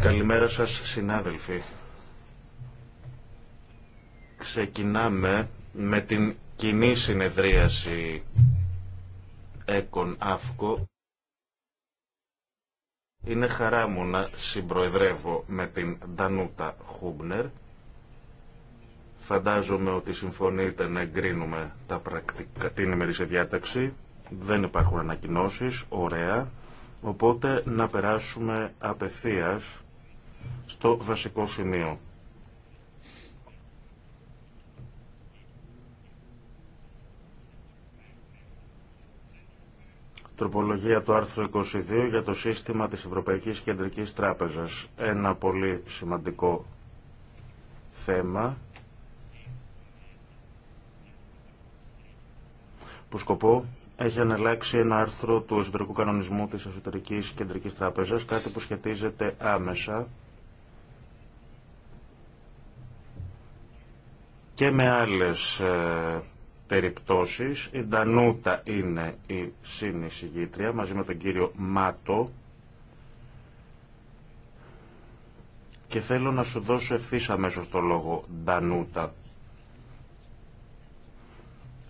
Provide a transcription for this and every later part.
Καλημέρα σας συνάδελφοι. Ξεκινάμε με την κοινή συνεδρίαση ΕΚΟΝ ΑΦΚΟ. Είναι χαρά μου να συμπροεδρεύω με την Ντανούτα Χούμπνερ. Φαντάζομαι ότι συμφωνείτε να εγκρίνουμε τα πρακτικά, την ημερήσια διάταξη. Δεν υπάρχουν ανακοινώσεις. Ωραία. Οπότε να περάσουμε απευθείας στο βασικό σημείο. Τροπολογία του άρθρου 22 για το σύστημα της Ευρωπαϊκής Κεντρικής Τράπεζας. Ένα πολύ σημαντικό θέμα που σκοπό έχει αναλλάξει ένα άρθρο του εσωτερικού κανονισμού της Εσωτερικής Κεντρικής Τράπεζας, κάτι που σχετίζεται άμεσα και με άλλες ε, περιπτώσεις. Η Ντανούτα είναι η συνεισηγήτρια μαζί με τον κύριο Μάτο και θέλω να σου δώσω ευθύ αμέσω το λόγο Ντανούτα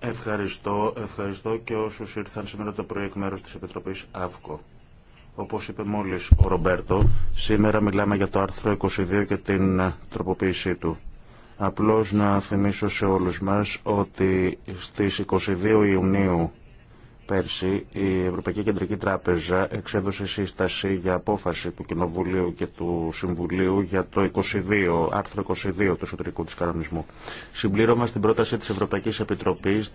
Ευχαριστώ, ευχαριστώ και όσου ήρθαν σήμερα το πρωί εκ μέρου της Επιτροπής άφκο. Όπως είπε μόλι ο Ρομπέρτο, σήμερα μιλάμε για το άρθρο 22 και την τροποποίησή του. Απλώς να θυμίσω σε όλους μας ότι στις 22 Ιουνίου πέρσι η Ευρωπαϊκή Κεντρική Τράπεζα εξέδωσε σύσταση για απόφαση του Κοινοβουλίου και του Συμβουλίου για το 22, άρθρο 22 του εσωτερικού της κανονισμού. Συμπλήρωμα στην πρόταση της Ευρωπαϊκής Επιτροπής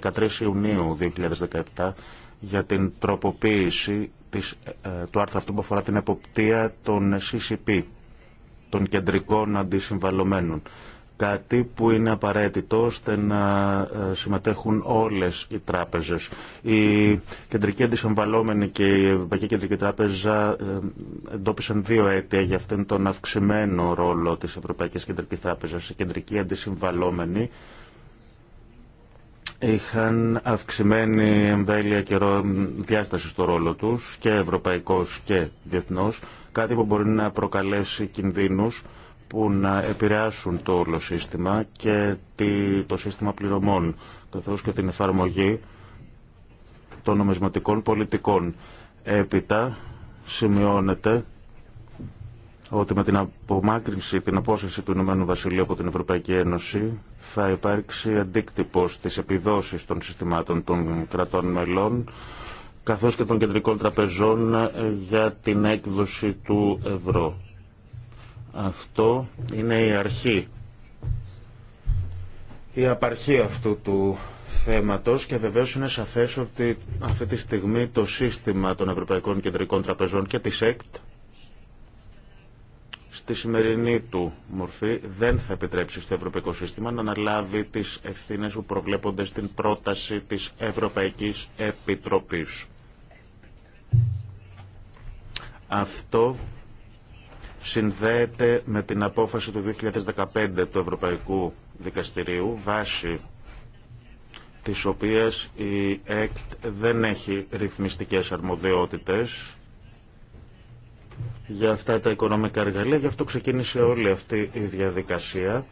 13 Ιουνίου 2017 για την τροποποίηση της, ε, του άρθρου αυτού που αφορά την εποπτεία των CCP, των κεντρικών αντισυμβαλωμένων κάτι που είναι απαραίτητο ώστε να ε, συμμετέχουν όλες οι τράπεζες. Η Κεντρική Αντισυμβαλόμενη και η Ευρωπαϊκή Κεντρική Τράπεζα ε, εντόπισαν δύο αίτια για αυτόν τον αυξημένο ρόλο της Ευρωπαϊκής Κεντρικής Τράπεζας. Η Κεντρική Αντισυμβαλόμενη είχαν αυξημένη εμβέλεια και διάσταση στο ρόλο τους και ευρωπαϊκός και διεθνώς, κάτι που μπορεί να προκαλέσει κινδύνους που να επηρεάσουν το όλο σύστημα και το σύστημα πληρωμών, καθώς και την εφαρμογή των νομισματικών πολιτικών. Έπειτα σημειώνεται ότι με την απομάκρυνση, την απόσταση του Ηνωμένου Βασιλείου από την Ευρωπαϊκή Ένωση θα υπάρξει αντίκτυπο στις επιδόσεις των συστημάτων των κρατών μελών καθώς και των κεντρικών τραπεζών ε, για την έκδοση του ευρώ. Αυτό είναι η αρχή. Η απαρχή αυτού του θέματος και βεβαίως είναι σαφές ότι αυτή τη στιγμή το σύστημα των Ευρωπαϊκών Κεντρικών Τραπεζών και της ΕΚΤ στη σημερινή του μορφή δεν θα επιτρέψει στο ευρωπαϊκό σύστημα να αναλάβει τις ευθύνες που προβλέπονται στην πρόταση της Ευρωπαϊκής Επιτροπής. Αυτό συνδέεται με την απόφαση του 2015 του Ευρωπαϊκού Δικαστηρίου βάσει της οποίας η ΕΚΤ δεν έχει ρυθμιστικές αρμοδιότητες για αυτά τα οικονομικά εργαλεία. Γι' αυτό ξεκίνησε όλη αυτή η διαδικασία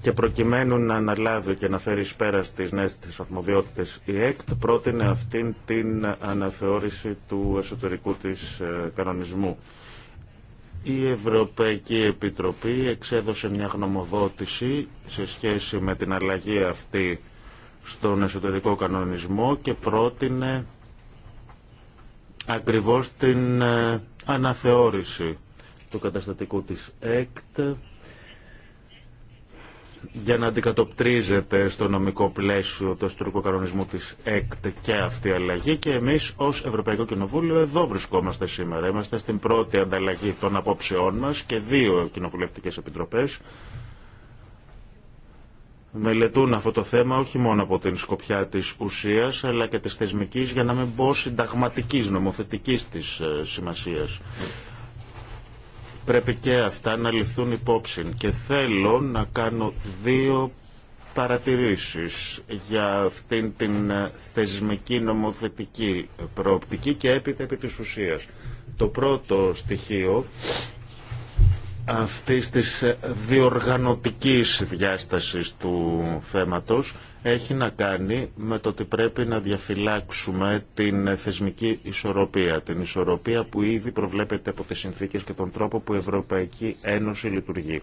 και προκειμένου να αναλάβει και να φέρει πέρα στις νέες της αρμοδιότητες η ΕΚΤ πρότεινε αυτήν την αναθεώρηση του εσωτερικού της ε, κανονισμού η Ευρωπαϊκή Επιτροπή εξέδωσε μια γνωμοδότηση σε σχέση με την αλλαγή αυτή στον εσωτερικό κανονισμό και πρότεινε ακριβώς την ε, αναθεώρηση του καταστατικού της ΕΚΤ για να αντικατοπτρίζεται στο νομικό πλαίσιο του ιστορικού κανονισμού της ΕΚΤ και αυτή η αλλαγή και εμείς ως Ευρωπαϊκό Κοινοβούλιο εδώ βρισκόμαστε σήμερα. Είμαστε στην πρώτη ανταλλαγή των απόψεών μας και δύο κοινοβουλευτικές επιτροπές μελετούν αυτό το θέμα όχι μόνο από την σκοπιά της ουσίας αλλά και της θεσμικής για να μην πω συνταγματικής νομοθετικής της ε, σημασίας. Πρέπει και αυτά να ληφθούν υπόψη. Και θέλω να κάνω δύο παρατηρήσεις για αυτήν την ε, θεσμική νομοθετική προοπτική και έπειτα επί της ουσίας. Το πρώτο στοιχείο αυτής της διοργανωτικής διάστασης του θέματος έχει να κάνει με το ότι πρέπει να διαφυλάξουμε την θεσμική ισορροπία, την ισορροπία που ήδη προβλέπεται από τις συνθήκες και τον τρόπο που η Ευρωπαϊκή Ένωση λειτουργεί.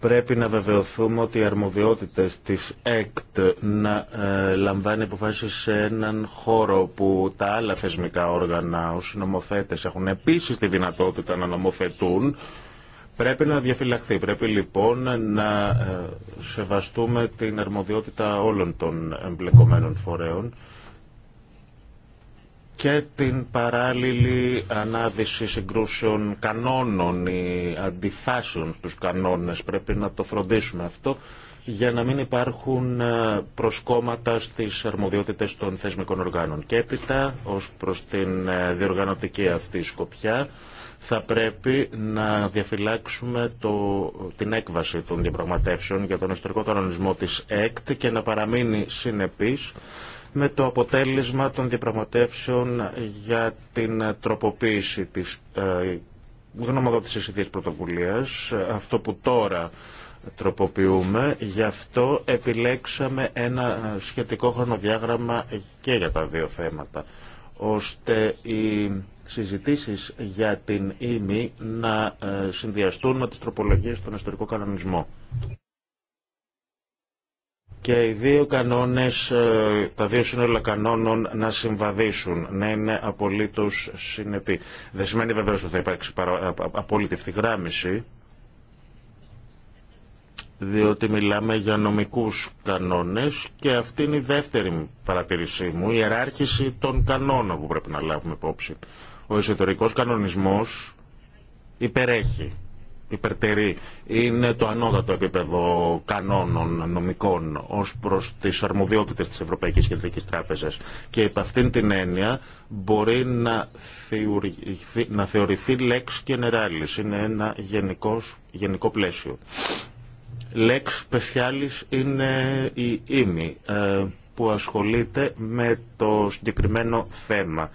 Πρέπει να βεβαιωθούμε ότι οι αρμοδιότητες της ΕΚΤ να ε, λαμβάνει αποφάσεις σε έναν χώρο που τα άλλα θεσμικά όργανα, ως νομοθέτες, έχουν επίσης τη δυνατότητα να νομοθετούν. Πρέπει να διαφυλαχθεί. Πρέπει λοιπόν να ε, σεβαστούμε την αρμοδιότητα όλων των εμπλεκομένων φορέων και την παράλληλη ανάδυση συγκρούσεων κανόνων ή αντιφάσεων στους κανόνες. Πρέπει να το φροντίσουμε αυτό για να μην υπάρχουν ε, προσκόμματα στις αρμοδιότητες των θεσμικών οργάνων. Και έπειτα, ως προς την ε, διοργανωτική αυτή σκοπιά, θα πρέπει να διαφυλάξουμε το, την έκβαση των διαπραγματεύσεων για τον ιστορικό κανονισμό της ΕΚΤ και να παραμείνει συνεπής με το αποτέλεσμα των διαπραγματεύσεων για την τροποποίηση της ε, γνωμοδότησης ιδίας πρωτοβουλίας, αυτό που τώρα τροποποιούμε. Γι' αυτό επιλέξαμε ένα σχετικό χρονοδιάγραμμα και για τα δύο θέματα, ώστε οι συζητήσεις για την ΉΜΗ να ε, συνδυαστούν με τις τροπολογίες στον ιστορικό κανονισμό και οι δύο κανόνες, ε, τα δύο σύνολα κανόνων να συμβαδίσουν, να είναι απολύτως συνεπή. Δεν σημαίνει βεβαίως ότι θα υπάρξει απόλυτη ευθυγράμμιση, διότι μιλάμε για νομικούς κανόνες και αυτή είναι η δεύτερη παρατηρήσή μου, η εράρχηση των κανόνων που πρέπει να λάβουμε υπόψη. Ο εσωτερικός κανονισμός υπερέχει υπερτερεί είναι το ανώτατο επίπεδο κανόνων νομικών ω προ τι αρμοδιότητε τη Ευρωπαϊκή Κεντρική Τράπεζα. Και υπ' αυτήν την έννοια μπορεί να θεωρηθεί, να θεωρηθεί λέξη και Είναι ένα γενικός, γενικό πλαίσιο. Λέξ πεθιάλη είναι η ήμη ε, που ασχολείται με το συγκεκριμένο θέμα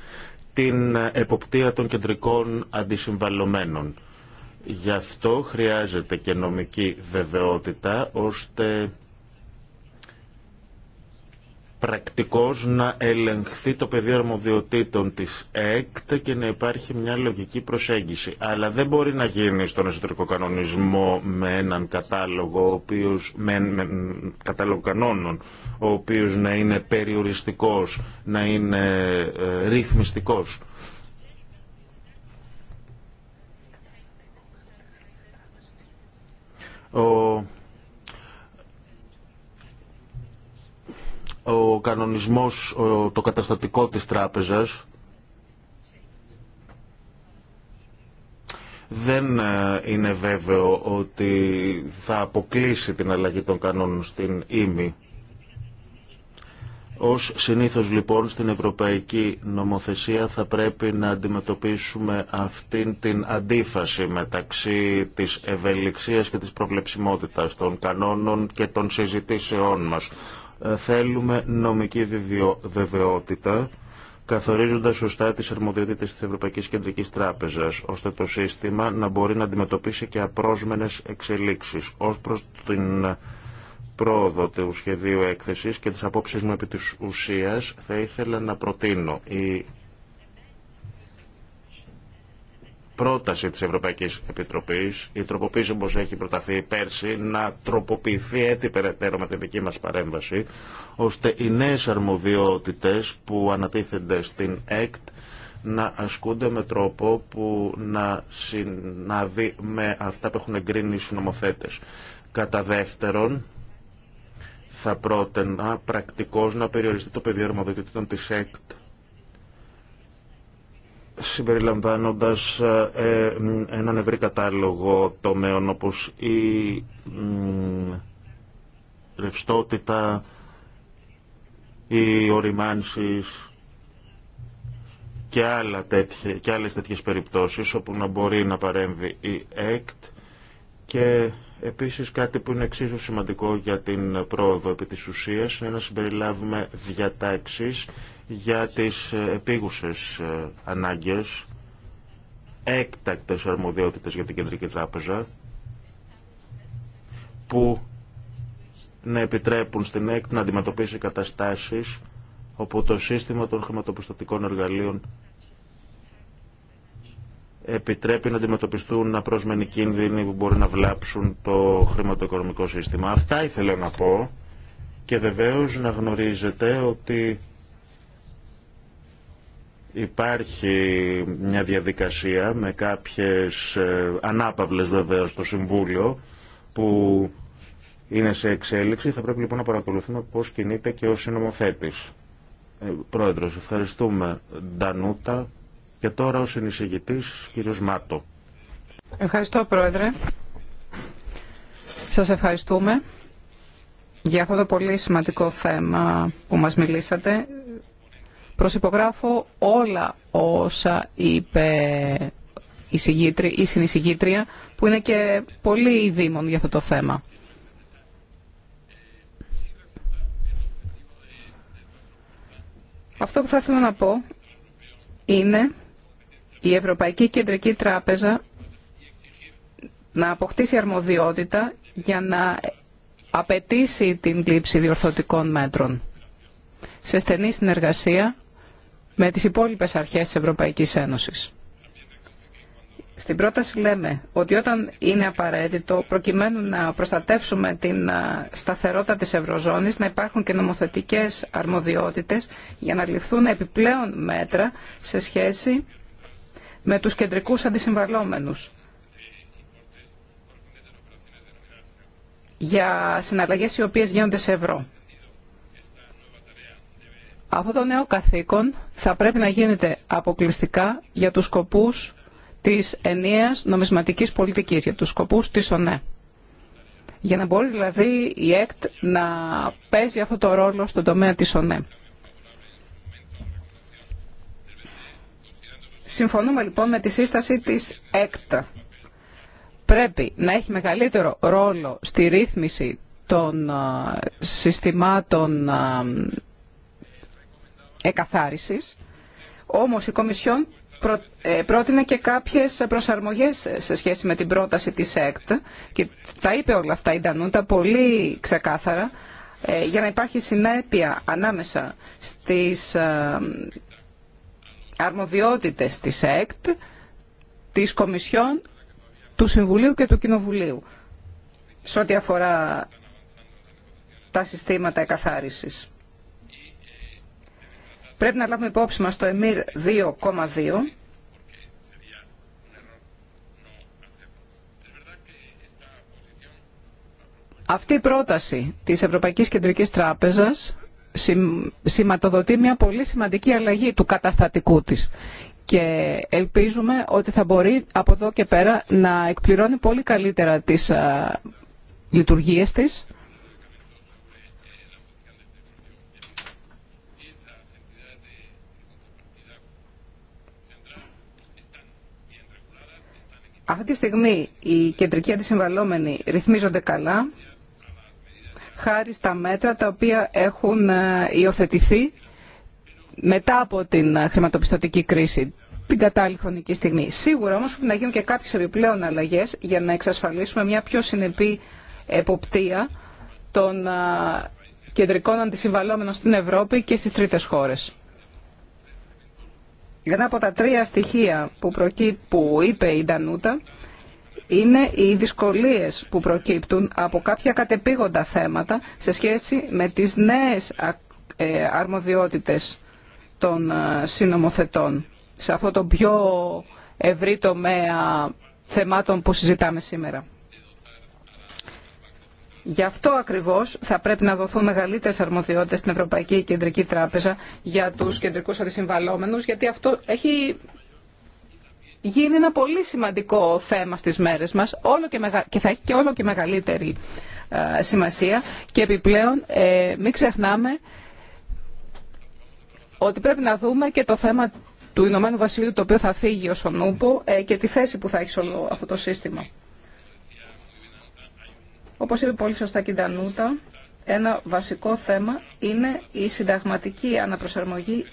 την εποπτεία των κεντρικών αντισυμβαλλομένων Γι' αυτό χρειάζεται και νομική βεβαιότητα ώστε πρακτικός να ελεγχθεί το πεδίο αρμοδιοτήτων της ΕΚΤ και να υπάρχει μια λογική προσέγγιση. Αλλά δεν μπορεί να γίνει στον εσωτερικό κανονισμό με έναν κατάλογο, ο οποίος, κανόνων, ο οποίος να είναι περιοριστικός, να είναι ε, ρυθμιστικός. Ο ο κανονισμός, το καταστατικό της τράπεζας δεν ε, είναι βέβαιο ότι θα αποκλείσει την αλλαγή των κανόνων στην ΙΜΗ. Ως συνήθως λοιπόν στην Ευρωπαϊκή Νομοθεσία θα πρέπει να αντιμετωπίσουμε αυτήν την αντίφαση μεταξύ της ευελιξίας και της προβλεψιμότητας των κανόνων και των συζητήσεών μας. Ε, θέλουμε νομική βεβαιότητα καθορίζοντας σωστά τις αρμοδιότητες της Ευρωπαϊκής Κεντρικής Τράπεζας ώστε το σύστημα να μπορεί να αντιμετωπίσει και απρόσμενες εξελίξεις. ως την πρόοδο του σχεδίου έκθεσης και τις απόψεις μου επί της ουσίας, θα ήθελα να προτείνω η πρόταση της Ευρωπαϊκής Επιτροπής, η τροποποίηση όπως έχει προταθεί πέρσι, να τροποποιηθεί έτσι περαιτέρω με την δική μας παρέμβαση, ώστε οι νέες αρμοδιότητες που ανατίθενται στην ΕΚΤ να ασκούνται με τρόπο που να συνάδει με αυτά που έχουν εγκρίνει οι συνομοθέτες. Κατά δεύτερον, θα πρότενα πρακτικώς να περιοριστεί το πεδίο αρμοδιοτήτων της ΕΚΤ συμπεριλαμβάνοντας ε, ε, έναν ευρύ κατάλογο τομέων όπως η ε, ρευστότητα, οι οριμάνσεις και, άλλα τέτοια, και άλλες τέτοιες περιπτώσεις όπου να μπορεί να παρέμβει η ΕΚΤ και Επίσης κάτι που είναι εξίσου σημαντικό για την πρόοδο επί της ουσίας είναι να συμπεριλάβουμε διατάξεις για τις επίγουσες ε, ανάγκες, έκτακτες αρμοδιότητες για την Κεντρική Τράπεζα που να επιτρέπουν στην ΕΚΤ να αντιμετωπίσει καταστάσεις όπου το σύστημα των χρηματοπιστωτικών εργαλείων επιτρέπει να αντιμετωπιστούν απρόσμενοι κίνδυνοι που μπορεί να βλάψουν το χρηματοοικονομικό σύστημα. Αυτά ήθελα να πω και βεβαίως να γνωρίζετε ότι υπάρχει μια διαδικασία με κάποιες ε, ανάπαυλες βεβαίως στο Συμβούλιο που είναι σε εξέλιξη. Θα πρέπει λοιπόν να παρακολουθούμε πώς κινείται και ο συνομοθέτης. Ε, πρόεδρος, ευχαριστούμε. Ντανούτα. Και τώρα ο συνεισηγητής, κύριος Μάτο. Ευχαριστώ, Πρόεδρε. Σας ευχαριστούμε για αυτό το πολύ σημαντικό θέμα που μας μιλήσατε. Προσυπογράφω όλα όσα είπε η, συνεισυγήτρια η που είναι και πολύ δήμον για αυτό το θέμα. Αυτό που θα ήθελα να πω είναι η Ευρωπαϊκή Κεντρική Τράπεζα να αποκτήσει αρμοδιότητα για να απαιτήσει την λήψη διορθωτικών μέτρων σε στενή συνεργασία με τις υπόλοιπες αρχές της Ευρωπαϊκής Ένωσης. Στην πρόταση λέμε ότι όταν είναι απαραίτητο, προκειμένου να προστατεύσουμε την σταθερότητα της Ευρωζώνης, να υπάρχουν και νομοθετικές αρμοδιότητες για να ληφθούν επιπλέον μέτρα σε σχέση με τους κεντρικούς αντισυμβαλόμενους για συναλλαγές οι οποίες γίνονται σε ευρώ. Αυτό το νέο καθήκον θα πρέπει να γίνεται αποκλειστικά για τους σκοπούς της ενίας νομισματικής πολιτικής, για τους σκοπούς της ΟΝΕ. Για να μπορεί δηλαδή η ΕΚΤ να παίζει αυτό το ρόλο στον τομέα της ΟΝΕ. Συμφωνούμε λοιπόν με τη σύσταση της ΕΚΤΑ. Πρέπει να έχει μεγαλύτερο ρόλο στη ρύθμιση των ε, συστημάτων ε, εκαθάρισης, όμως η Κομισιόν ε, πρότεινε και κάποιες προσαρμογές σε σχέση με την πρόταση της ΕΚΤ και τα είπε όλα αυτά η Ντανούτα πολύ ξεκάθαρα για να υπάρχει συνέπεια ανάμεσα στις αρμοδιότητες της ΕΚΤ, της Κομισιόν, του Συμβουλίου και του Κοινοβουλίου σε ό,τι αφορά τα συστήματα εκαθάρισης. Πρέπει να λάβουμε υπόψη μας το ΕΜΙΡ 2,2 Αυτή η πρόταση της Ευρωπαϊκής Κεντρικής Τράπεζας σηματοδοτεί μια πολύ σημαντική αλλαγή του καταστατικού της και ελπίζουμε ότι θα μπορεί από εδώ και πέρα να εκπληρώνει πολύ καλύτερα τις α, λειτουργίες της Αυτή τη στιγμή οι κεντρικοί αντισυμβαλόμενοι ρυθμίζονται καλά χάρη στα μέτρα τα οποία έχουν ε, υιοθετηθεί μετά από την ε, χρηματοπιστωτική κρίση την κατάλληλη χρονική στιγμή. Σίγουρα όμως πρέπει να γίνουν και κάποιες επιπλέον αλλαγές για να εξασφαλίσουμε μια πιο συνεπή εποπτεία των ε, κεντρικών αντισυμβαλόμενων στην Ευρώπη και στις τρίτες χώρες. Ένα από τα τρία στοιχεία που, που είπε η Ντανούτα είναι οι δυσκολίες που προκύπτουν από κάποια κατεπήγοντα θέματα σε σχέση με τις νέες ε, αρμοδιότητες των ε, συνομοθετών σε αυτό το πιο ευρύ τομέα θεμάτων που συζητάμε σήμερα. Γι' αυτό ακριβώς θα πρέπει να δοθούν μεγαλύτερες αρμοδιότητες στην Ευρωπαϊκή Κεντρική Τράπεζα για τους κεντρικούς αντισυμβαλόμενους, γιατί αυτό έχει γίνει ένα πολύ σημαντικό θέμα στις μέρες μας όλο και, θα έχει και όλο και μεγαλύτερη ε, σημασία και επιπλέον ε, μην ξεχνάμε ότι πρέπει να δούμε και το θέμα του Ηνωμένου Βασιλείου το οποίο θα φύγει ως ο Νούμπο ε, και τη θέση που θα έχει σε όλο αυτό το σύστημα. Όπως είπε πολύ σωστά η ένα βασικό θέμα είναι η συνταγματική αναπροσαρμογή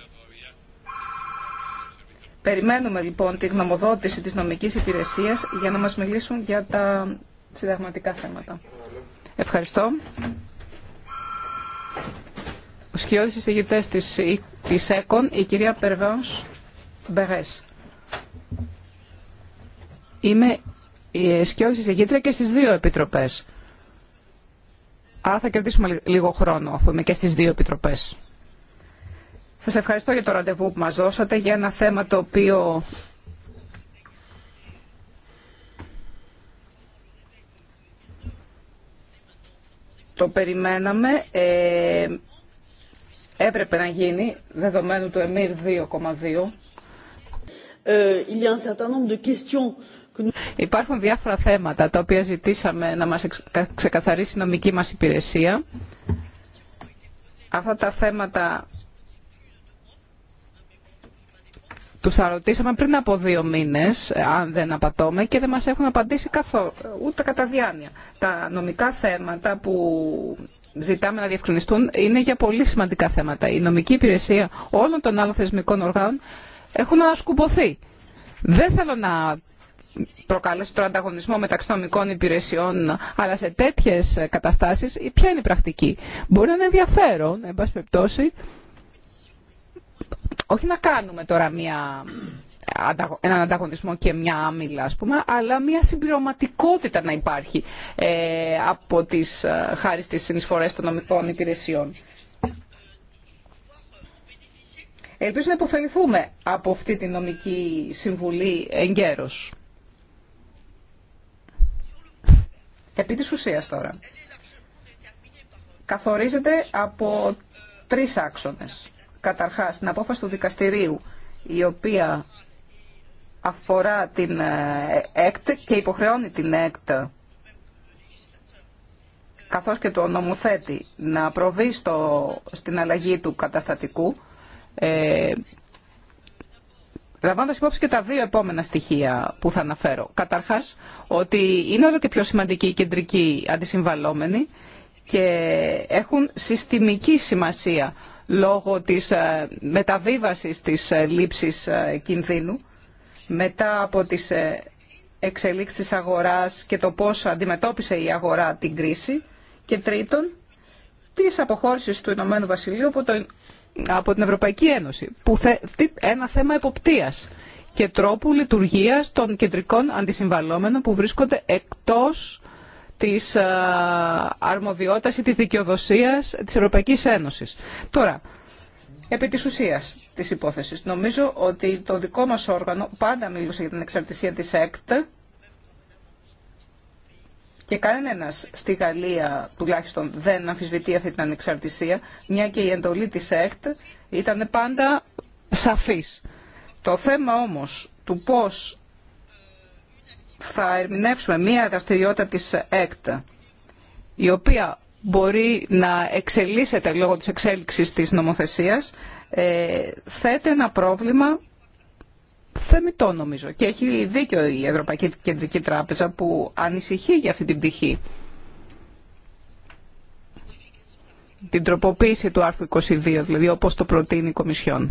Περιμένουμε λοιπόν τη γνωμοδότηση της νομικής υπηρεσίας για να μας μιλήσουν για τα συνταγματικά θέματα. Ευχαριστώ. Ο σκιώδης εισηγητές της, της ΕΚΟΝ, η κυρία Περβάνς Μπερές. Είμαι η σκιώδης εισηγήτρια και στις δύο επιτροπές. Άρα θα κερδίσουμε λίγο χρόνο αφού είμαι και στις δύο επιτροπές. Σας ευχαριστώ για το ραντεβού που μας δώσατε για ένα θέμα το οποίο το περιμέναμε. Ε, έπρεπε να γίνει δεδομένου του ΕΜΗΡ 2,2. Ε, Υπάρχουν διάφορα θέματα τα οποία ζητήσαμε να μας ξεκαθαρίσει η νομική μας υπηρεσία. Αυτά τα θέματα Του θα ρωτήσαμε πριν από δύο μήνες, ε, αν δεν απατώμε, και δεν μας έχουν απαντήσει καθόλου, ούτε κατά διάνοια. Τα νομικά θέματα που ζητάμε να διευκρινιστούν είναι για πολύ σημαντικά θέματα. Η νομική υπηρεσία όλων των άλλων θεσμικών οργάνων έχουν ανασκουμποθεί. Δεν θέλω να προκαλέσω τον ανταγωνισμό μεταξύ νομικών υπηρεσιών, αλλά σε τέτοιε καταστάσει ποια είναι η πρακτική. Μπορεί να είναι ενδιαφέρον, εν πάση όχι να κάνουμε τώρα μια, έναν ανταγωνισμό και μια άμυλα, ας πούμε, αλλά μια συμπληρωματικότητα να υπάρχει ε, από τις, ε, χάρη στις συνεισφορές των νομικών υπηρεσιών. Ελπίζω να υποφεληθούμε από αυτή τη νομική συμβουλή εγκαίρως. Επί της ουσίας τώρα. Καθορίζεται από τρεις άξονες καταρχάς την απόφαση του δικαστηρίου η οποία αφορά την ε, ΕΚΤ και υποχρεώνει την ΕΚΤ καθώς και το νομοθέτη να προβεί στο, στην αλλαγή του καταστατικού ε, λαμβάνοντας υπόψη και τα δύο επόμενα στοιχεία που θα αναφέρω. Καταρχάς ότι είναι όλο και πιο σημαντική η κεντρική αντισυμβαλόμενη και έχουν συστημική σημασία λόγω της ε, μεταβίβασης της ε, λήψης ε, κινδύνου μετά από τις εξελίξεις της αγοράς και το πώς αντιμετώπισε η αγορά την κρίση και τρίτον της αποχώρησης του Ηνωμένου Βασιλείου από, από την Ευρωπαϊκή Ένωση που θε, ένα θέμα εποπτείας και τρόπου λειτουργίας των κεντρικών αντισυμβαλόμενων που βρίσκονται εκτός της ε, αρμοδιότητας ή της δικαιοδοσίας της Ευρωπαϊκής Ένωσης. Τώρα, επί της ουσίας της υπόθεσης, νομίζω ότι το δικό μας όργανο πάντα μίλησε για την εξαρτησία της ΕΚΤ και κανένας στη Γαλλία τουλάχιστον δεν αμφισβητεί αυτή την ανεξαρτησία, μια και η εντολή της ΕΚΤ ήταν πάντα σαφής. Το θέμα όμως του πώς θα ερμηνεύσουμε μία δραστηριότητα της ΕΚΤ, η οποία μπορεί να εξελίσσεται λόγω της εξέλιξης της νομοθεσίας, ε, θέτει ένα πρόβλημα θεμητό νομίζω. Και έχει δίκιο η Ευρωπαϊκή Κεντρική Τράπεζα που ανησυχεί για αυτή την πτυχή. Την τροποποίηση του άρθρου 22, δηλαδή όπως το προτείνει η Κομισιόν.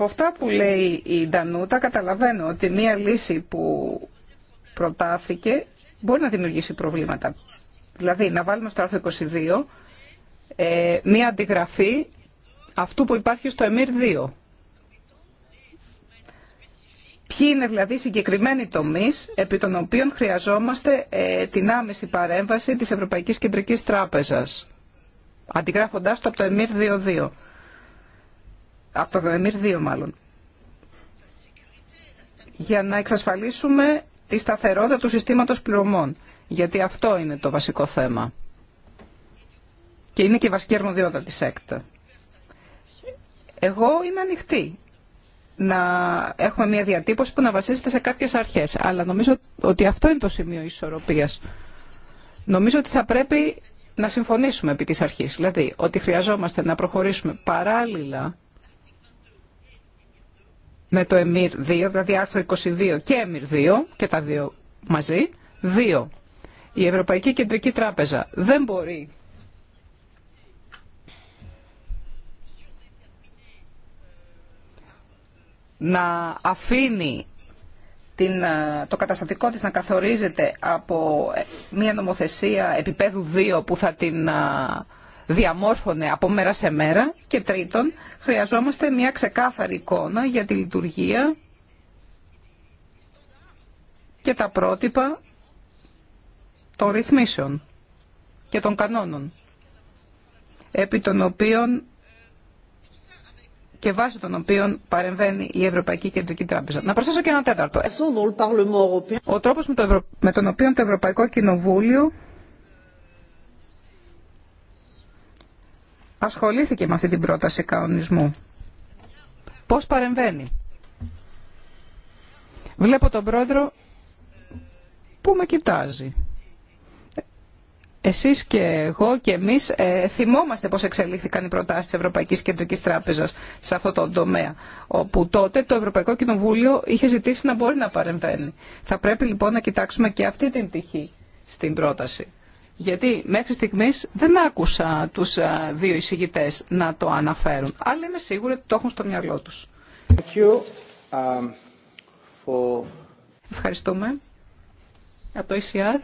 Από αυτά που λέει η Ντανούτα καταλαβαίνω ότι μία λύση που προτάθηκε μπορεί να δημιουργήσει προβλήματα. Δηλαδή να βάλουμε στο άρθρο 22 ε, μία αντιγραφή αυτού που υπάρχει στο ΕΜΥΡ 2. Ποιοι είναι δηλαδή οι συγκεκριμένοι τομεί επί των οποίων χρειαζόμαστε ε, την άμεση παρέμβαση της Ευρωπαϊκής Κεντρικής Τράπεζας, αντιγράφοντάς το από το ΕΜΥΡ 2.2 από το ΕΜΙΡ 2 μάλλον, για να εξασφαλίσουμε τη σταθερότητα του συστήματος πληρωμών, γιατί αυτό είναι το βασικό θέμα. Και είναι και η βασική αρμοδιότητα της ΕΚΤ. Εγώ είμαι ανοιχτή να έχουμε μια διατύπωση που να βασίζεται σε κάποιες αρχές, αλλά νομίζω ότι αυτό είναι το σημείο ισορροπίας. Νομίζω ότι θα πρέπει να συμφωνήσουμε επί της αρχής, δηλαδή ότι χρειαζόμαστε να προχωρήσουμε παράλληλα με το ΕΜΙΡ 2, δηλαδή άρθρο 22 και ΕΜΙΡ 2 και τα δύο μαζί. 2. Η Ευρωπαϊκή Κεντρική Τράπεζα δεν μπορεί να αφήνει την, ε, το καταστατικό της να καθορίζεται από ε, μια νομοθεσία επίπεδου 2 που θα την ε, διαμόρφωνε από μέρα σε μέρα και τρίτον χρειαζόμαστε μια ξεκάθαρη εικόνα για τη λειτουργία και τα πρότυπα των ρυθμίσεων και των κανόνων επί των οποίων και βάσει των οποίων παρεμβαίνει η Ευρωπαϊκή Κεντρική Τράπεζα. Να προσθέσω και ένα τέταρτο. Ο τρόπος με τον οποίο το Ευρωπαϊκό Κοινοβούλιο ασχολήθηκε με αυτή την πρόταση κανονισμού. Πώς παρεμβαίνει. Βλέπω τον πρόεδρο που με κοιτάζει. Εσείς και εγώ και εμείς ε, θυμόμαστε πώς εξελίχθηκαν οι προτάσεις της Ευρωπαϊκής Κεντρικής Τράπεζας σε αυτό το τομέα, όπου τότε το Ευρωπαϊκό Κοινοβούλιο είχε ζητήσει να μπορεί να παρεμβαίνει. Θα πρέπει λοιπόν να κοιτάξουμε και αυτή την πτυχή στην πρόταση. Γιατί μέχρι στιγμής δεν άκουσα τους ε, δύο εισηγητές να το αναφέρουν, αλλά είμαι σίγουρη ότι το έχουν στο μυαλό τους. Um, Ευχαριστούμε. Από το ECR.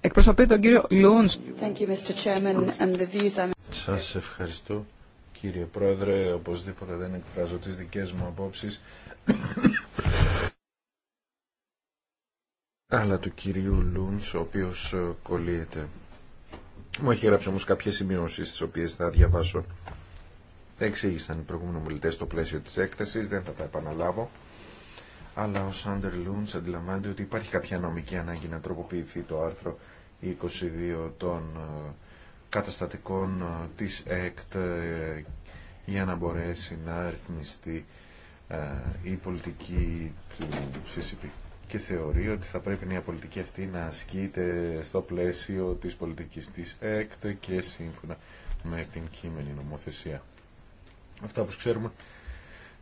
Εκπροσωπεί τον κύριο Λούνς. Σας ευχαριστώ κύριε Πρόεδρε. Οπωσδήποτε δεν εκφράζω τις δικές μου απόψεις αλλά του κυρίου Λούντς, ο οποίος ε, κολλείεται. Μου έχει γράψει όμως κάποιες σημειώσεις, τις οποίες θα διαβάσω. εξήγησαν οι προηγούμενοι μιλητές στο πλαίσιο της έκθεσης, δεν θα τα επαναλάβω. Αλλά ο Σάντερ Λούντς αντιλαμβάνεται ότι υπάρχει κάποια νομική ανάγκη να τροποποιηθεί το άρθρο 22 των ε, καταστατικών ε, της ΕΚΤ για να μπορέσει να ρυθμιστεί η πολιτική του CCP και θεωρεί ότι θα πρέπει μια πολιτική αυτή να ασκείται στο πλαίσιο της πολιτικής της ΕΚΤ και σύμφωνα με την κείμενη νομοθεσία. Αυτά που ξέρουμε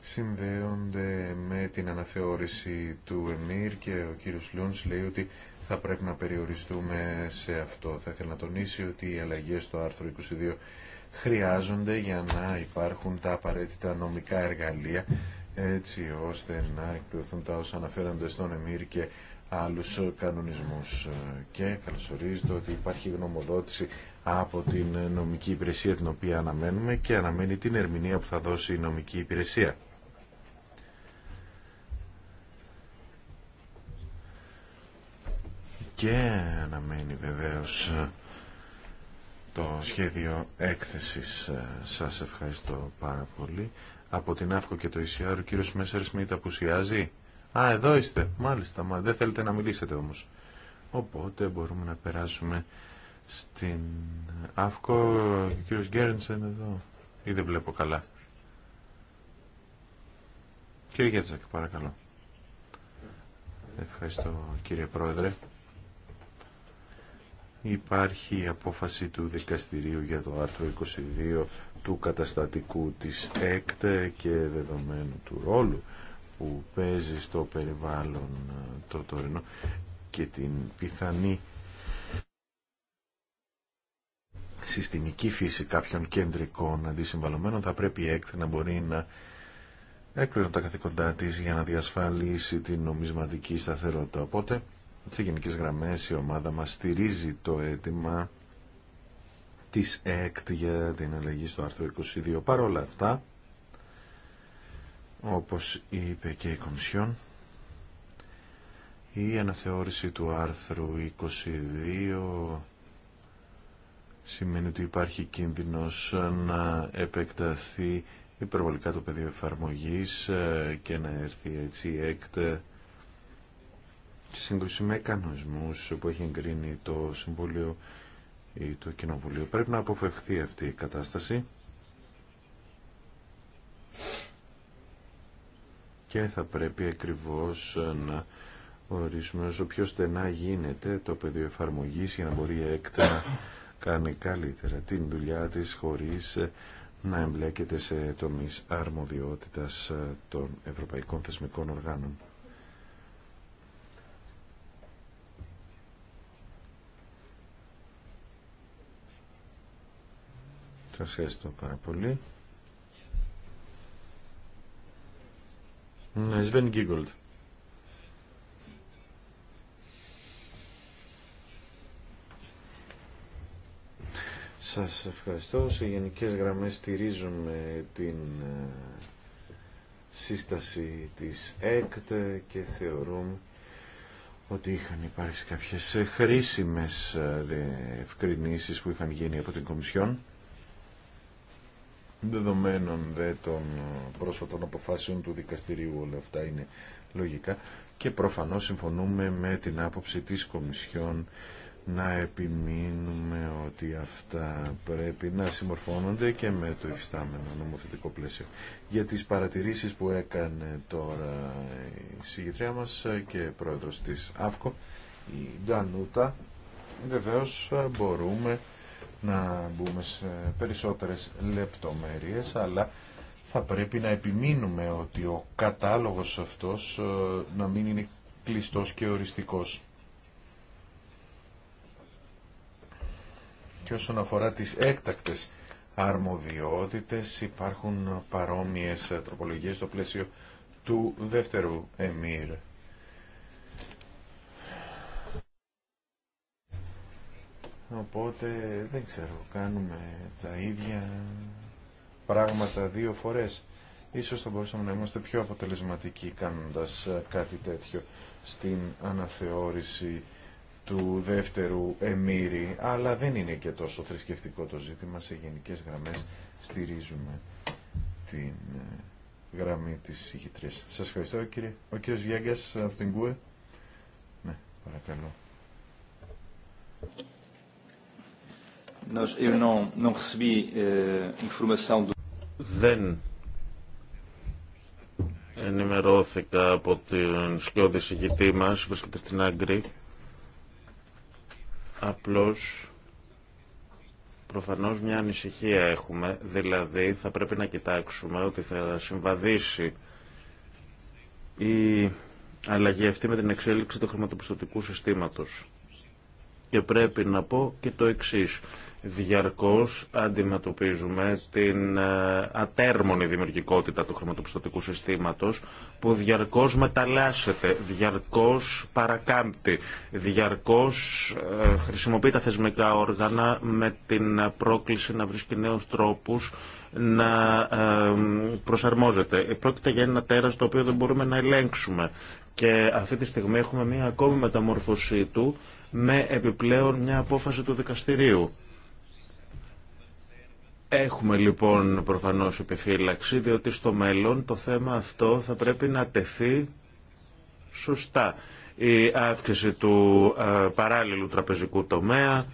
συνδέονται με την αναθεώρηση του ΕΜΗΡ και ο κύριος Λιόνς λέει ότι θα πρέπει να περιοριστούμε σε αυτό. Θα ήθελα να τονίσει ότι οι αλλαγές στο άρθρο 22 χρειάζονται για να υπάρχουν τα απαραίτητα νομικά εργαλεία έτσι ώστε να εκπληρωθούν τα όσα αναφέρονται στον ΕΜΗΡ και άλλους κανονισμούς. Και καλωσορίζεται ότι υπάρχει γνωμοδότηση από την νομική υπηρεσία την οποία αναμένουμε και αναμένει την ερμηνεία που θα δώσει η νομική υπηρεσία. Και αναμένει βεβαίως το σχέδιο έκθεσης. Σας ευχαριστώ πάρα πολύ από την ΑΦΚΟ και το Ισιάρο, Ο κύριος με Σμίτ απουσιάζει. Α, εδώ είστε. Μάλιστα, μα δεν θέλετε να μιλήσετε όμως. Οπότε μπορούμε να περάσουμε στην ΑΦΚΟ. Ο κύριος Γκέρνσεν εδώ. Ή δεν βλέπω καλά. Κύριε Γέτζακ, παρακαλώ. Ευχαριστώ κύριε Πρόεδρε. Υπάρχει η απόφαση του δικαστηρίου για το άρθρο 22 του καταστατικού της εκτε και δεδομένου του ρόλου που παίζει στο περιβάλλον ε, το τωρινό και την πιθανή συστημική φύση κάποιων κεντρικών αντισυμβαλωμένων θα πρέπει η να μπορεί να έκπληρουν τα καθήκοντά τη για να διασφαλίσει την νομισματική σταθερότητα. Οπότε, σε γενικέ γραμμέ, η ομάδα μα στηρίζει το αίτημα της ΕΚΤ για την αλλαγή στο άρθρο 22. Παρ' όλα αυτά, όπως είπε και η Κομισιόν, η αναθεώρηση του άρθρου 22 σημαίνει ότι υπάρχει κίνδυνος να επεκταθεί υπερβολικά το πεδίο εφαρμογής ε, και να έρθει έτσι η ΕΚΤ σε σύγκριση με κανονισμούς που έχει εγκρίνει το Συμβούλιο ή το Κοινοβουλίο. Πρέπει να αποφευχθεί αυτή η κατάσταση και θα πρέπει ακριβώς να ορίσουμε όσο πιο στενά γίνεται το πεδίο εφαρμογή για να μπορεί η να κάνει καλύτερα την δουλειά της χωρίς να εμπλέκεται σε τομείς αρμοδιότητας των ευρωπαϊκών θεσμικών οργάνων. Σας ευχαριστώ πάρα πολύ. Σβέν ναι, Σας ευχαριστώ. Σε γενικές γραμμές στηρίζουμε την ε, σύσταση της ΕΚΤ και θεωρούμε ότι είχαν υπάρξει κάποιες χρήσιμες ε, ευκρινήσεις που είχαν γίνει από την Κομισιόν. Δεδομένων δε των ε, πρόσφατων αποφάσεων του δικαστηρίου όλα αυτά είναι λογικά και προφανώς συμφωνούμε με την άποψη της Κομισιόν να επιμείνουμε ότι αυτά πρέπει να συμμορφώνονται και με το υφιστάμενο νομοθετικό πλαίσιο. Για τις παρατηρήσεις που έκανε τώρα η συγγετριά μας και πρόεδρος της ΑΦΚΟ, η Ντανούτα, βεβαίως ε, μπορούμε να μπούμε σε περισσότερες λεπτομέρειες, αλλά θα πρέπει να επιμείνουμε ότι ο κατάλογος αυτός ε, να μην είναι κλειστός και οριστικός. Και όσον αφορά τις έκτακτες αρμοδιότητες υπάρχουν παρόμοιες τροπολογίες στο πλαίσιο του δεύτερου εμμύρ Οπότε δεν ξέρω, κάνουμε τα ίδια πράγματα δύο φορές. Ίσως θα μπορούσαμε να είμαστε πιο αποτελεσματικοί κάνοντας ε, κάτι τέτοιο στην αναθεώρηση του δεύτερου εμμύρη, αλλά δεν είναι και τόσο θρησκευτικό το ζήτημα. Σε γενικές γραμμές στηρίζουμε την ε, γραμμή της ηγητρίας. Σας ευχαριστώ κύριε. Ο κύριος Βιάγκας από την ΚΟΕ. Ναι, παρακαλώ. Eh, Δεν ενημερώθηκα από την σκιώδη συγκητή μας, βρίσκεται στην Άγκρη. Απλώς, προφανώς μια ανησυχία έχουμε, δηλαδή θα πρέπει να κοιτάξουμε ότι θα συμβαδίσει η αλλαγή αυτή με την εξέλιξη του χρηματοπιστωτικού συστήματος. Και πρέπει να πω και το εξής. Διαρκώς αντιμετωπίζουμε την ε, ατέρμονη δημιουργικότητα του χρηματοπιστωτικού συστήματος που διαρκώς μεταλλάσσεται, διαρκώς παρακάμπτει, διαρκώς ε, χρησιμοποιεί τα θεσμικά όργανα με την πρόκληση να βρίσκει νέους τρόπους να ε, προσαρμόζεται. Πρόκειται για ένα τέρας το οποίο δεν μπορούμε να ελέγξουμε και αυτή τη στιγμή έχουμε μία ακόμη μεταμορφωσή του με επιπλέον μια απόφαση του δικαστηρίου Έχουμε λοιπόν προφανώς επιφύλαξη, διότι στο μέλλον το θέμα αυτό θα πρέπει να τεθεί σωστά. Η αύξηση του ε, παράλληλου τραπεζικού τομέα,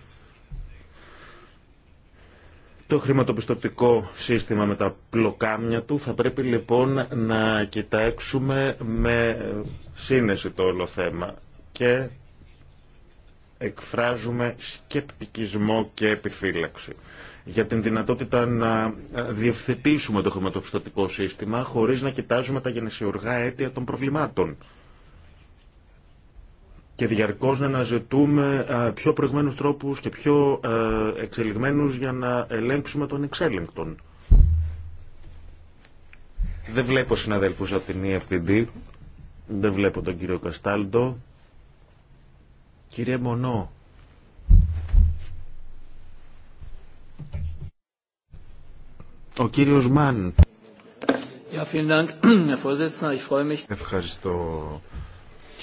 το χρηματοπιστωτικό σύστημα με τα πλοκάμια του θα πρέπει λοιπόν να κοιτάξουμε με σύνεση το όλο θέμα και εκφράζουμε σκεπτικισμό και επιφύλαξη για την δυνατότητα να ε, διευθετήσουμε το χρηματοπιστωτικό σύστημα χωρίς να κοιτάζουμε τα γενεσιουργά αίτια των προβλημάτων και διαρκώς να αναζητούμε ε, πιο προηγμένους τρόπους και πιο ε, εξελιγμένους για να ελέγξουμε τον εξέλιγκτον. Δεν βλέπω συναδέλφους από την EFTD, δεν βλέπω τον κύριο Καστάλντο. Κύριε Μονό, Ο κύριος Μαν. Ευχαριστώ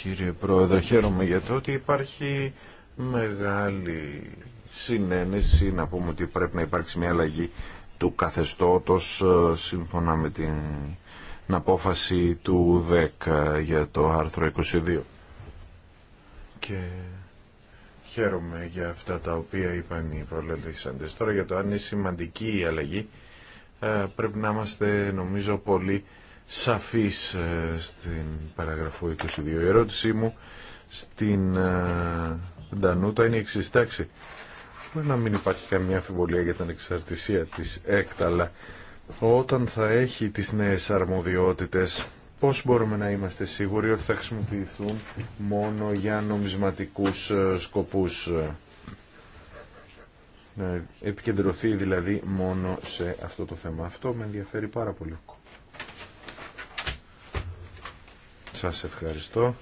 κύριε Πρόεδρε. Χαίρομαι για το ότι υπάρχει μεγάλη συνένεση να πούμε ότι πρέπει να υπάρξει μια αλλαγή του καθεστώτος ε, σύμφωνα με την απόφαση του 10 για το άρθρο 22. Και χαίρομαι για αυτά τα οποία είπαν οι προλελήσαντες. Τώρα για το αν είναι σημαντική η αλλαγή ε, πρέπει να είμαστε νομίζω πολύ σαφείς ε, στην παραγραφό 22. Η ερώτησή μου στην ε, Ντανούτα είναι η εξής. εντάξει, μπορεί να μην υπάρχει καμία αφιβολία για την εξαρτησία της ΕΚΤ, αλλά όταν θα έχει τις νέες αρμοδιότητες, πώς μπορούμε να είμαστε σίγουροι ότι θα χρησιμοποιηθούν μόνο για νομισματικούς σκοπούς να επικεντρωθεί δηλαδή μόνο σε αυτό το θέμα. Αυτό με ενδιαφέρει πάρα πολύ. Σας ευχαριστώ.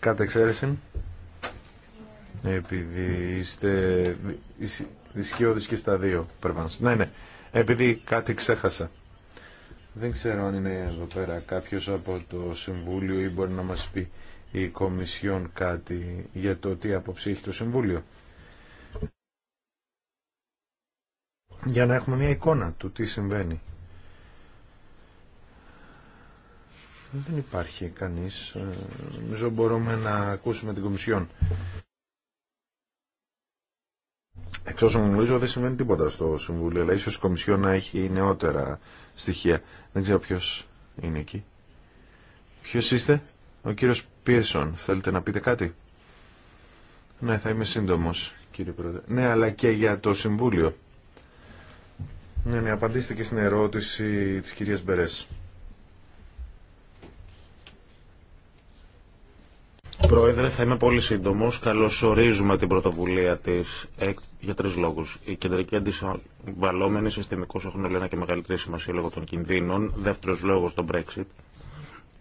Κατά εξαίρεση, επειδή είστε δυσκείοδες και στα δύο Ναι, ναι, επειδή κάτι ξέχασα. Δεν ξέρω αν είναι εδώ πέρα κάποιος από το Συμβούλιο ή μπορεί να μας πει η Κομισιόν κάτι για το τι άποψη έχει το Συμβούλιο. για να έχουμε μια εικόνα του τι συμβαίνει. Δεν υπάρχει κανείς. Ε, νομίζω μπορούμε να ακούσουμε την Κομισιόν. Εξ όσων γνωρίζω δεν συμβαίνει τίποτα στο Συμβούλιο, αλλά ίσως η Κομισιόν να έχει νεότερα στοιχεία. Δεν ξέρω ποιος είναι εκεί. Ποιος είστε? Ο κύριος Πίεσον. Θέλετε να πείτε κάτι? Ναι, θα είμαι σύντομος, κύριε Πρόεδρε. Ναι, αλλά και για το Συμβούλιο. Ναι, ναι, απαντήστε και στην ερώτηση της κυρίας Μπερές. Πρόεδρε, θα είμαι πολύ σύντομο. Καλωσορίζουμε την πρωτοβουλία τη για τρει λόγου. Η κεντρική αντισυμβαλόμενη συστημικώ έχουν ένα και μεγαλύτερη σημασία λόγω των κινδύνων. Δεύτερο λόγο, το Brexit,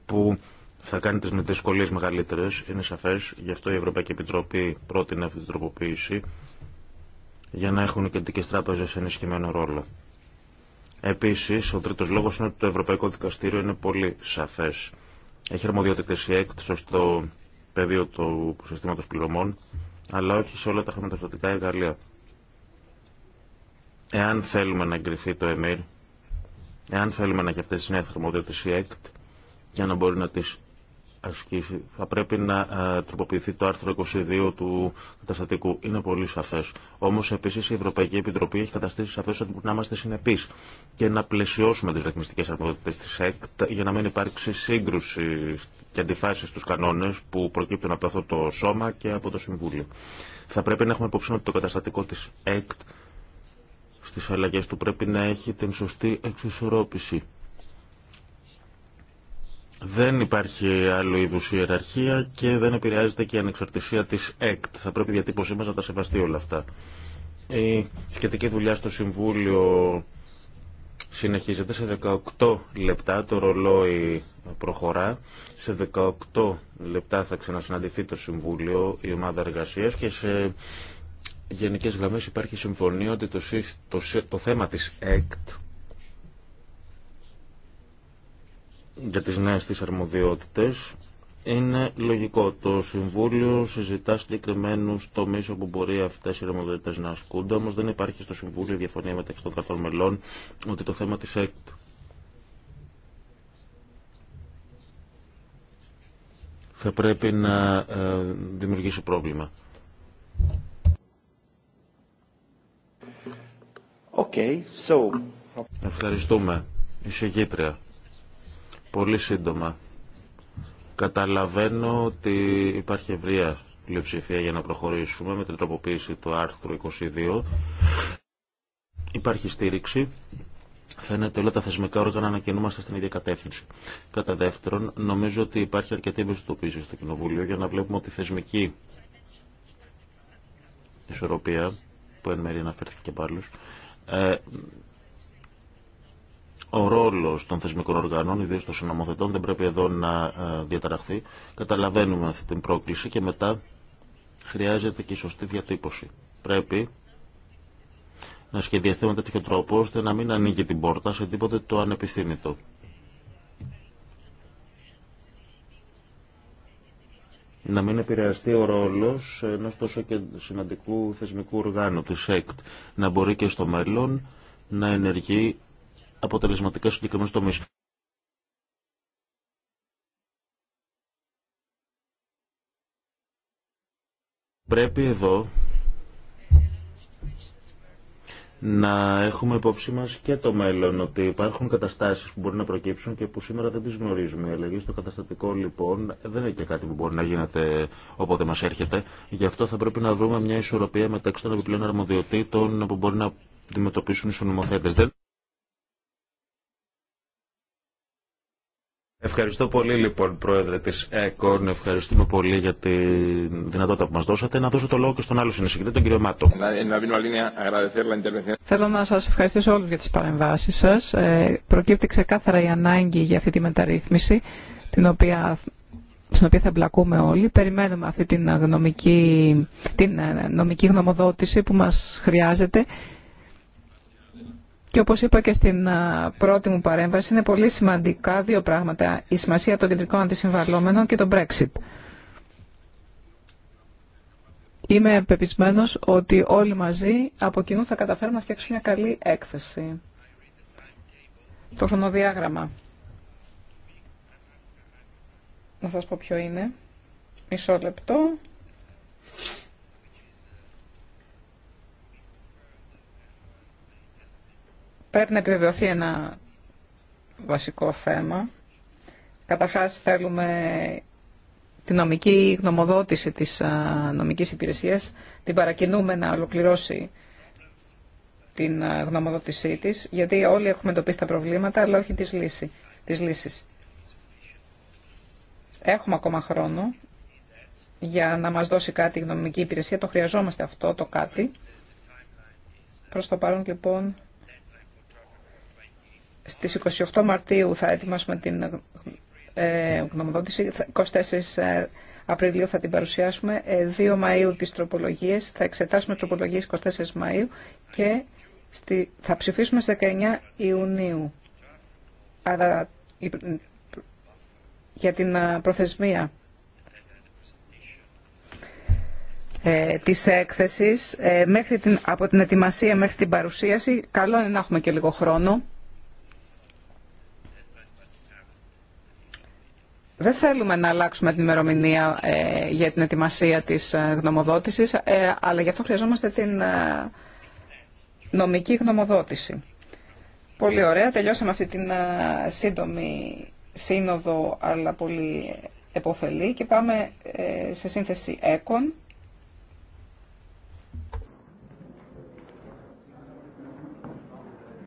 που θα κάνει τι δυσκολίε μεγαλύτερε. Είναι σαφέ. Γι' αυτό η Ευρωπαϊκή Επιτροπή πρότεινε αυτή την τροποποίηση για να έχουν οι κεντρικέ τράπεζε ενισχυμένο ρόλο. Επίσης, ο τρίτος λόγος είναι ότι το Ευρωπαϊκό Δικαστήριο είναι πολύ σαφέ. Έχει αρμοδιότητε η ΕΚΤ στο πεδίο του συστήματο πληρωμών, αλλά όχι σε όλα τα χρηματοδοτικά εργαλεία. Εάν θέλουμε να εγκριθεί το ΕΜΗΡ, εάν θέλουμε να έχει αυτέ τι νέε αρμοδιότητες η ΕΚΤ, για να μπορεί να τι ασκήσει. Θα πρέπει να ε, τροποποιηθεί το άρθρο 22 του καταστατικού. Είναι πολύ σαφέ. Όμω επίση η Ευρωπαϊκή Επιτροπή έχει καταστήσει σαφέ ότι πρέπει να είμαστε συνεπεί και να πλαισιώσουμε τι ρυθμιστικέ αρμοδιότητε τη ΕΚΤ για να μην υπάρξει σύγκρουση και αντιφάσει στου κανόνε που προκύπτουν από αυτό το σώμα και από το Συμβούλιο. Θα πρέπει να έχουμε υπόψη ότι το καταστατικό τη ΕΚΤ στι αλλαγέ του πρέπει να έχει την σωστή εξισορρόπηση δεν υπάρχει άλλο είδου ιεραρχία και δεν επηρεάζεται και η ανεξαρτησία της ΕΚΤ. Θα πρέπει η διατύπωσή μας να τα σεβαστεί όλα αυτά. Η σχετική δουλειά στο Συμβούλιο συνεχίζεται σε 18 λεπτά. Το ρολόι προχωρά. Σε 18 λεπτά θα ξανασυναντηθεί το Συμβούλιο, η ομάδα εργασία και σε γενικές γραμμέ υπάρχει συμφωνία ότι το, το θέμα τη ΕΚΤ για τις νέες της αρμοδιότητες είναι λογικό. Το Συμβούλιο συζητά συγκεκριμένου τομεί όπου μπορεί αυτέ οι αρμοδιότητε να ασκούνται, όμω δεν υπάρχει στο Συμβούλιο διαφωνία μεταξύ των κρατών μελών ότι το θέμα τη ΕΚΤ θα πρέπει να ε, δημιουργήσει πρόβλημα. Okay, so... Ευχαριστούμε. Είσαι γήτρια. Πολύ σύντομα. Καταλαβαίνω ότι υπάρχει ευρεία πλειοψηφία για να προχωρήσουμε με την τροποποίηση του άρθρου 22. Υπάρχει στήριξη. Φαίνεται όλα τα θεσμικά όργανα να κινούμαστε στην ίδια κατεύθυνση. Κατά δεύτερον, νομίζω ότι υπάρχει αρκετή εμπιστοποίηση στο Κοινοβούλιο για να βλέπουμε ότι η θεσμική ισορροπία, που εν μέρει αναφέρθηκε και πάλι, ο ρόλο των θεσμικών οργάνων, ιδίω των συνομοθετών, δεν πρέπει εδώ να ε, διαταραχθεί. Καταλαβαίνουμε αυτή την πρόκληση και μετά χρειάζεται και η σωστή διατύπωση. Πρέπει να σχεδιαστεί με τέτοιο τρόπο ώστε να μην ανοίγει την πόρτα σε τίποτε το ανεπιθύμητο. να μην επηρεαστεί ο ρόλο ενό τόσο και σημαντικού θεσμικού οργάνου τη ΕΚΤ, να μπορεί και στο μέλλον να ενεργεί αποτελεσματικά συγκεκριμένου τομεί. Πρέπει εδώ να έχουμε υπόψη μας και το μέλλον ότι υπάρχουν καταστάσεις που μπορεί να προκύψουν και που σήμερα δεν τις γνωρίζουμε. Η αλλαγή στο καταστατικό λοιπόν δεν είναι και κάτι που μπορεί να γίνεται όποτε μας έρχεται. Γι' αυτό θα πρέπει να βρούμε μια ισορροπία μεταξύ των επιπλέον αρμοδιοτήτων που μπορεί να αντιμετωπίσουν οι συνομοθέτες. Ευχαριστώ πολύ λοιπόν Πρόεδρε της ΕΚΟΝ, ευχαριστούμε πολύ για τη δυνατότητα που μας δώσατε. Να δώσω το λόγο και στον άλλο συνεισηγητή, τον κύριο Μάτο. Θέλω να σας ευχαριστήσω όλους για τις παρεμβάσεις σας. Ε, προκύπτει ξεκάθαρα η ανάγκη για αυτή τη μεταρρύθμιση, την οποία, στην οποία θα εμπλακούμε όλοι. Περιμένουμε αυτή την, την ε, νομική γνωμοδότηση που μας χρειάζεται και όπως είπα και στην πρώτη μου παρέμβαση, είναι πολύ σημαντικά δύο πράγματα. Η σημασία των κεντρικών αντισυμβαλλόμενων και το Brexit. Είμαι πεπισμένος ότι όλοι μαζί από κοινού θα καταφέρουμε να φτιάξουμε μια καλή έκθεση. Το χρονοδιάγραμμα. Να σας πω ποιο είναι. Μισό λεπτό. Πρέπει να επιβεβαιωθεί ένα βασικό θέμα. Καταρχάς θέλουμε τη νομική γνωμοδότηση της νομικής υπηρεσίας. Την παρακινούμε να ολοκληρώσει την γνωμοδότησή της, γιατί όλοι έχουμε εντοπίσει τα προβλήματα, αλλά όχι τις, λύση, τις λύσεις. Έχουμε ακόμα χρόνο για να μας δώσει κάτι η νομική υπηρεσία. Το χρειαζόμαστε αυτό το κάτι. Προς το παρόν, λοιπόν, στις 28 Μαρτίου θα ετοιμάσουμε την ε, γνωμοδότηση. 24 ε, Απριλίου θα την παρουσιάσουμε. 2 ε, Μαΐου τις τροπολογίες. Θα εξετάσουμε τροπολογίες 24 Μαΐου και στη, θα ψηφίσουμε στις 19 Ιουνίου. Άρα για την ε, προθεσμία ε, της έκθεσης, μέχρι την, από την ετοιμασία μέχρι την παρουσίαση, καλό είναι να έχουμε και λίγο χρόνο. Δεν θέλουμε να αλλάξουμε την ημερομηνία ε, για την ετοιμασία της ε, γνωμοδότησης, ε, αλλά γι' αυτό χρειαζόμαστε την νομική γνωμοδότηση. Πολύ ωραία. Τελειώσαμε αυτή την σύντομη σύνοδο, αλλά πολύ επωφελή και πάμε σε σύνθεση έκον.